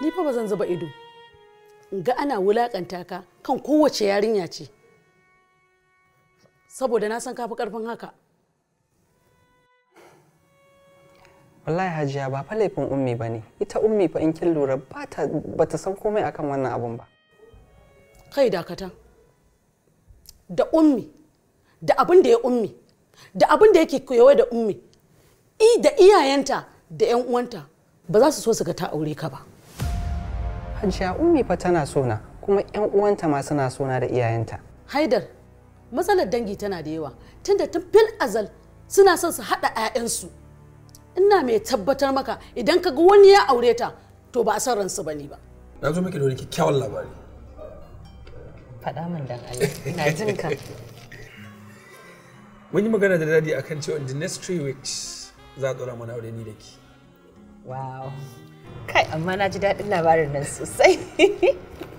ni fa ba zan zuba ido in ga ana wulakanta ka kan kowace yarinya ce saboda na san kafi karfin haka wallahi hajiya ba fa laifin ummi ba ne ita ummi fa in kin lura ba ta san komai akan wannan abun ba kai dakata da ummi da abin da ya ummi da abin da yake koyawa da ummi i da iyayenta da 'yan uwanta ba za su so su ga ta aure ka ba hajiya ummi fa tana sona kuma yan uwanta ma suna sona da iyayenta haidar matsalar dangi tana da yawa tunda tun fil azal suna son su haɗa 'ya'yansu ina mai tabbatar maka idan ka ga wani ya aure ta to ba a san ransu bane ba na zo miki da wani kyakkyawan labari faɗa min dan Allah ina jin ka mun yi magana da dadi akan cewa the next three weeks za a ɗora mana aure ni da ki wow amma na ji daɗin labarin nan sosai.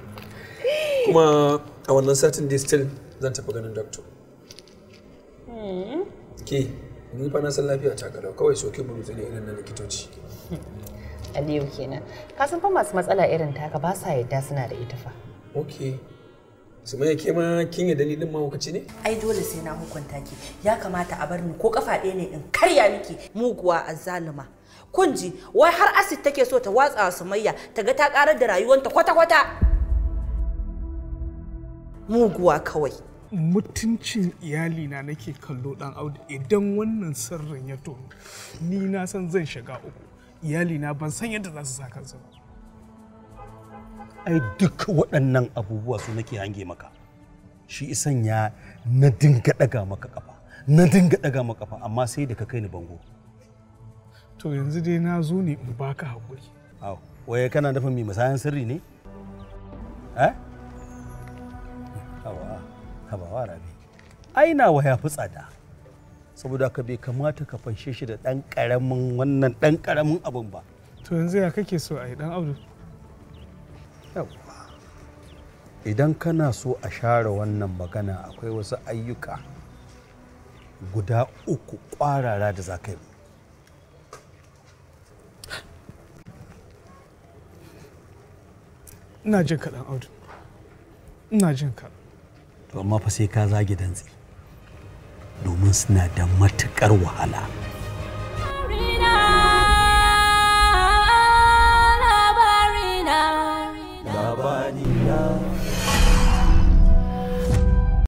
Kuma a wannan satin da still zan tafi ganin doctor. Hmm. Ke, ni fa na san lafiya ta kada kawai soke burutsu ne irin na likitoci. Aliyu kenan. Ka fa masu matsala irin taka ba sa yadda suna da ita fa. Okay. su mai ke ma kin yi dalilin mahaukaci ne? Ai dole sai na hukunta ki. Ya kamata a bar ni ko kafa ɗaya ne in karya miki muguwa a Kun Kunji wai har asid take so ta watsa Sumayya ta ga ta ƙarar da rayuwanta kwata-kwata. Muguwa kawai. Mutuncin iyalina nake kallo ɗan Audu idan wannan sirrin ya tono ni na san zan shiga uku. Iyalina ban san yadda za su sa kansu ba. ai duk waɗannan abubuwa su nake hange maka shi isan ya na dinga ɗaga maka ƙafa na dinga ɗaga maka ƙafa amma sai da ka kai ni bango to yanzu dai na zo ne in baka haƙuri aw waye kana nufin mai musayan sirri ne eh hawa hawa wa rabi ai na waya fi tsada saboda ka bai kamata ka fanshe shi da ɗan ƙaramin wannan ɗan ƙaramin abin ba to yanzu ya kake so a yi ɗan abdu idan kana so a share wannan magana akwai wasu ayyuka guda uku kwarara da za ka yi ina jin kaɗan audu ina jin ka to amma fa sai ka zagi dantse domin suna da matuƙar wahala 你呀。